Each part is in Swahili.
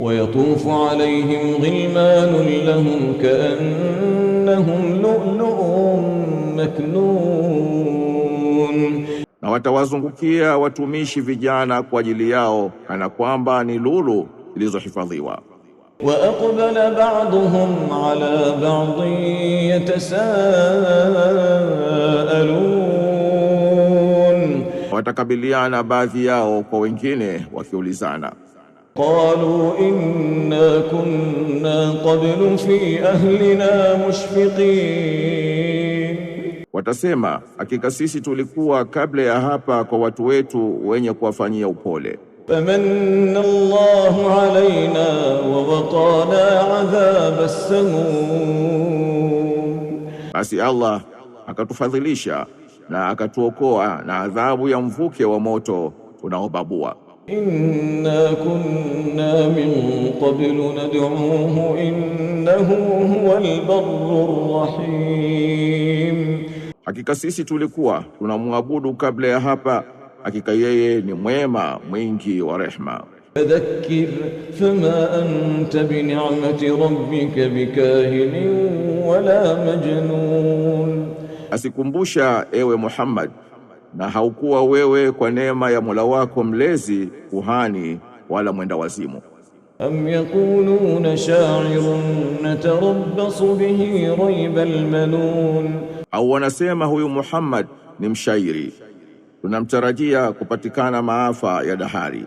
ويطوف عليهم غلمان لهم كأنهم لؤلؤ مكنون na watawazungukia watumishi vijana kwa ajili yao kana kwamba ni lulu zilizohifadhiwa. wa ba'dhum ala ba'dhin yatasaalun, watakabiliana baadhi yao kwa wengine wakiulizana قالوا إنا كنا قبل fi ahlina mushfiqin, watasema hakika sisi tulikuwa kabla ya hapa kwa watu wetu wenye kuwafanyia upole. Famanna Allahu alaina wa waqana adhab as-samum, basi Allah akatufadhilisha na akatuokoa na adhabu ya mvuke wa moto unaobabua. إنا كنا من قبل ندعوه إنه هو البر الرحيم Hakika sisi tulikuwa tunamwabudu kabla ya hapa, hakika yeye ni mwema mwingi wa rehma. Fadhakkir fama anta bini'mati rabbika bikahinin wala majnun, asikumbusha ewe Muhammad na haukuwa wewe kwa neema ya Mola wako mlezi kuhani wala mwenda wazimu. am yaquluna sha'irun natarabbasu bihi rayba almanun, au wanasema huyu Muhammad ni mshairi, tunamtarajia kupatikana maafa ya dahari.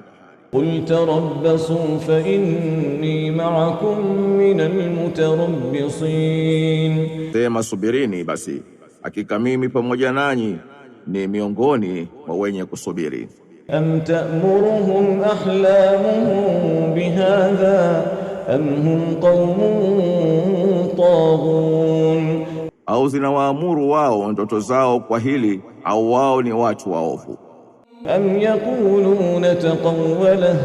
Qul tarabbasu fa inni ma'akum min almutarabbisin, sema subirini basi, hakika mimi pamoja nanyi ni miongoni mwa wenye kusubiri. am ta'muruhum ahlamuhum bihadha am hum qaumun taghun, au zinawaamuru wao ndoto zao kwa hili au wao ni watu waovu. am yaquluna taqawwala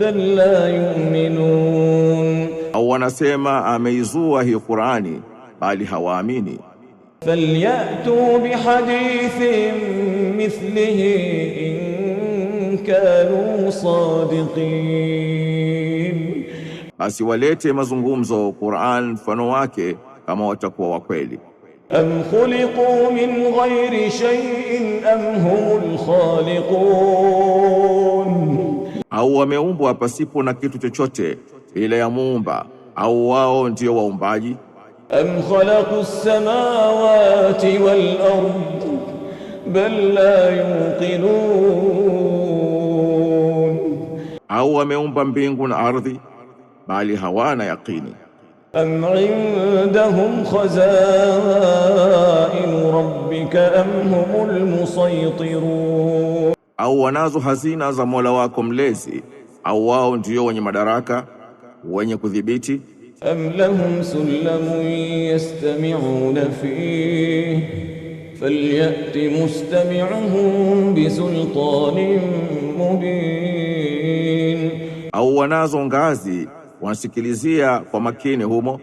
bal la yu'minun, au wanasema ameizua hii Qur'ani bali hawaamini falyatu bihadithin mithlihi in kanu sadiqin, basi walete mazungumzo Qur'an mfano wake kama watakuwa wa kweli. am khuliqu min ghairi shay'in am humul khaliqun, au wameumbwa pasipo na kitu chochote bila ya muumba au wao ndio waumbaji? أم خلقوا السماوات والأرض bal la yuqinun, au wameumba mbingu na ardhi bali hawana yaqini. Am indahum khazainu rabbika am humul musaytirun, au wanazo hazina za Mola wako mlezi, au wao ndio wenye madaraka wenye kudhibiti أم لهم سلم يستمعون فيه فليأت مستمعهم بسلطان mubin, au wanazo ngazi wanasikilizia kwa makini humo,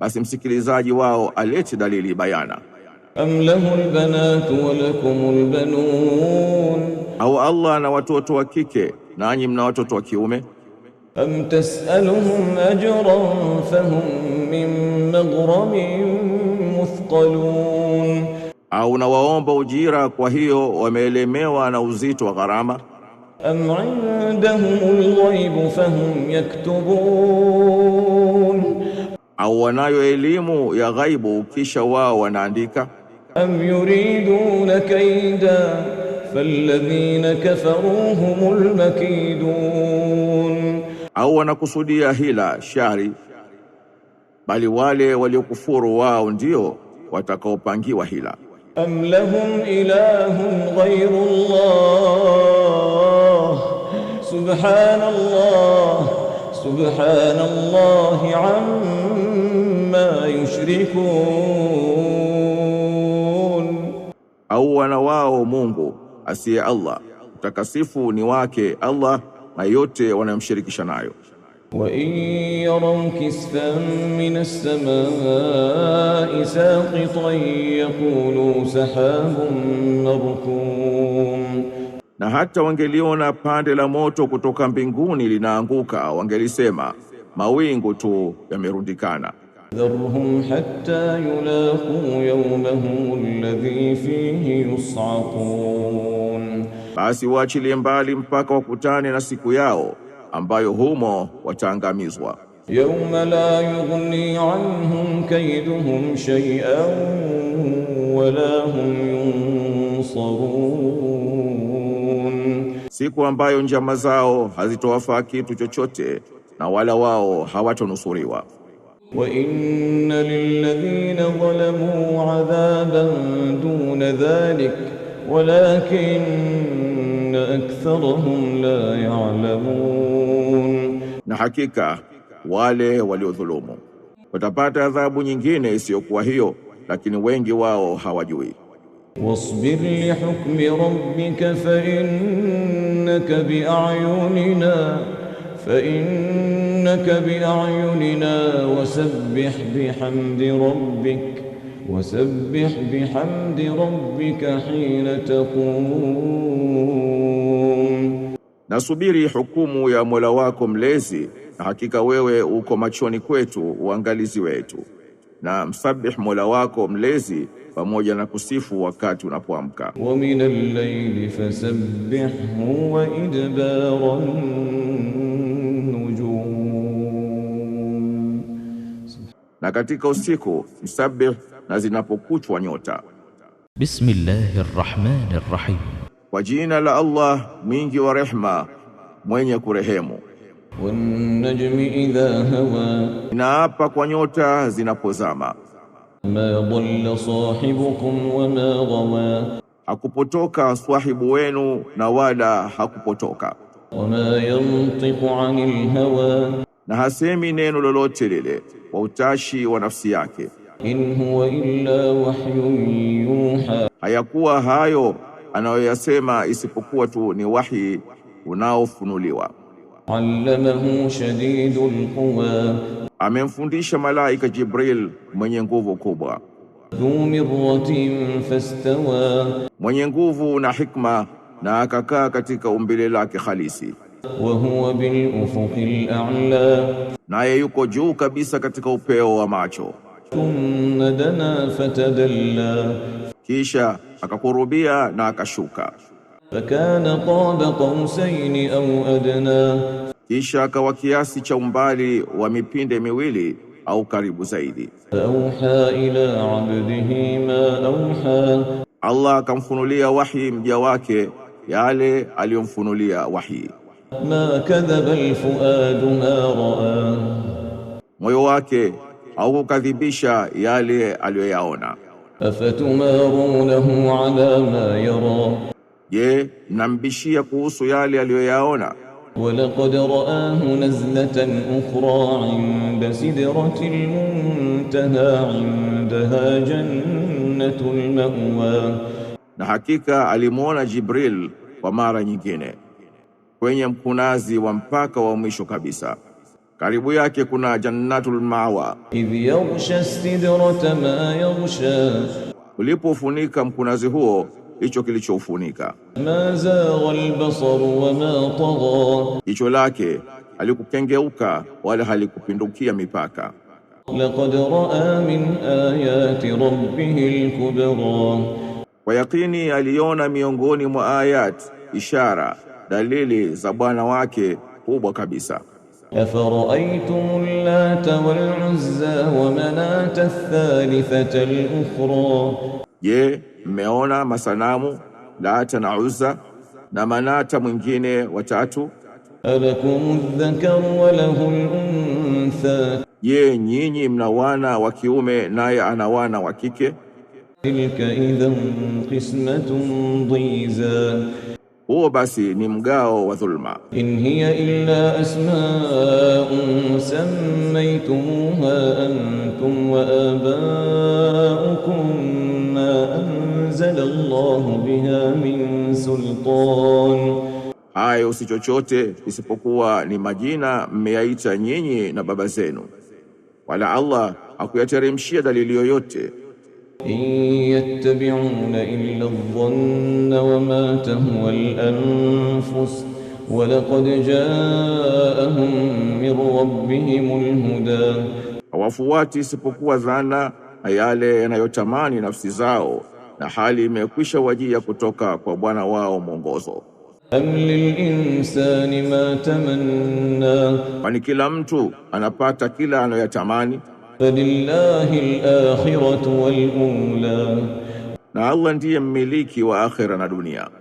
basi msikilizaji wao alete dalili bayana. Am lahul banatu wa lakumul banun, au Allah ana watoto wa kike nanyi mna watoto wa kiume أم تسألهم أجرا فهم من مغرم مثقلون أو نواومب أجيرا كوهيو وميلميوا نوزيت وغرامة أم عندهم الغيب فهم يكتبون أو ونايو إليمو يا غيب كيشا واو أم يريدون كيدا فالذين كفروا هم المكيدون au wanakusudia hila shari, bali wale waliokufuru wao ndio watakaopangiwa hila. am lahum ilahun ghayru Allah subhanallah amma yushrikun, au wana wao Mungu asiye Allah, utakasifu ni wake Allah na yote wanayomshirikisha nayo. wa in yaraw kisfan min as-samaa'i saqitan yaqulu sahabun markum, na hata wangeliona pande la moto kutoka mbinguni linaanguka wangelisema mawingu tu yamerundikana. Dharhum hatta yulaqu yawmahum alladhi fihi yus'aqun basi waachilie mbali mpaka wakutane na siku yao ambayo humo wataangamizwa. Yawma la yughni anhum kayduhum shay'an wala hum yunsarun, siku ambayo njama zao hazitowafaa kitu chochote na wala wao hawatonusuriwa. Wa inna lilladhina zalamu adhaban duna dhalika walakin aktharuhum la ya'lamun, na hakika wale waliodhulumu watapata adhabu nyingine isiyokuwa hiyo, lakini wengi wao hawajui. Wasbir li hukmi rabbika fa innaka bi a'yunina fa innaka bi wasabbih bihamdi rabbika وسبح بحمد rabbika hina taqum, nasubiri hukumu ya Mola wako mlezi, na hakika wewe uko machoni kwetu uangalizi wetu. Na msabih Mola wako mlezi pamoja na kusifu wakati unapoamka. wa minal layli fasabbihu wa idbaran nujum, na katika usiku msabih na zinapokuchwa nyota. Bismillahir Rahmanir Rahim, kwa jina la Allah mwingi wa rehma mwenye kurehemu. Wan-najmi idha hawa, naapa kwa nyota zinapozama. Ma dhalla sahibukum wa ma ghawa, hakupotoka swahibu wenu na wala hakupotoka. Wama yantiqu anil hawa, na hasemi neno lolote lile kwa utashi wa nafsi yake in huwa illa wahyun yuha, hayakuwa hayo anayoyasema isipokuwa tu ni wahi unaofunuliwa. Allamahu shadidul quwa, amemfundisha malaika Jibril mwenye nguvu kubwa. Dhu mirratin fastawa, mwenye nguvu na hikma na akakaa katika umbile lake halisi. Wa huwa bil ufuqil a'la, naye yuko juu kabisa katika upeo wa macho thumma dana fatadalla, kisha akakurubia na akashuka. Fakana qaba qausain au adna, kisha akawa kiasi cha umbali wa mipinde miwili au karibu zaidi. Auha ila abdihi ma auha, Allah akamfunulia wahi mja wake yale aliyomfunulia wahi. Ma kadhaba alfuadu ma raa, moyo wake au kukadhibisha yale aliyoyaona. Afatumarunahu ala ma yara, je, nambishia kuhusu yale aliyoyaona. Walaqad raahu nazlatan ukhra inda sidratil muntaha indaha jannatul mawa, na hakika alimwona Jibril kwa mara nyingine kwenye mkunazi wa mpaka wa mwisho kabisa karibu yake kuna jannatul mawa. Idh yaghsha sidrata ma yaghsha, ulipofunika mkunazi huo hicho kilichofunika. Ma zagha wa ma tagha, jicho lake halikukengeuka wala halikupindukia mipaka. Laqad raa min ayati rabbihi alkubra, kwa yaqini aliona miongoni mwa ayat, ishara, dalili za Bwana wake kubwa kabisa. أفرأيتم اللات والعزى ومناة الثالثة الأخرى Je, mmeona masanamu Lata na Uzza na Manata mwingine watatu? Alakum dhakar wa lahu untha Je, nyinyi mna wana wa kiume naye ana wana wa kike? Tilka idhan qismatun dhiza huo basi ni mgao wa dhulma. in hiya illa asmaun sammaytumuha antum wa abaukum ma anzala Allahu biha min sultan, hayo si chochote isipokuwa ni majina mmeyaita nyinyi na baba zenu, wala Allah hakuyateremshia dalili yoyote إن يتبعون إلا الظن وما تهوى الأنفس ولقد جاءهم min rabbihim alhuda, hawafuati isipokuwa dhana na yale yanayotamani nafsi zao, na hali imekwisha wajia kutoka kwa Bwana wao mwongozo. Am lilinsani ma tamanna, kwani kila mtu anapata kila anayoyatamani. فلله الآخرة والأولى na Allah ndiye mmiliki wa akhera na dunia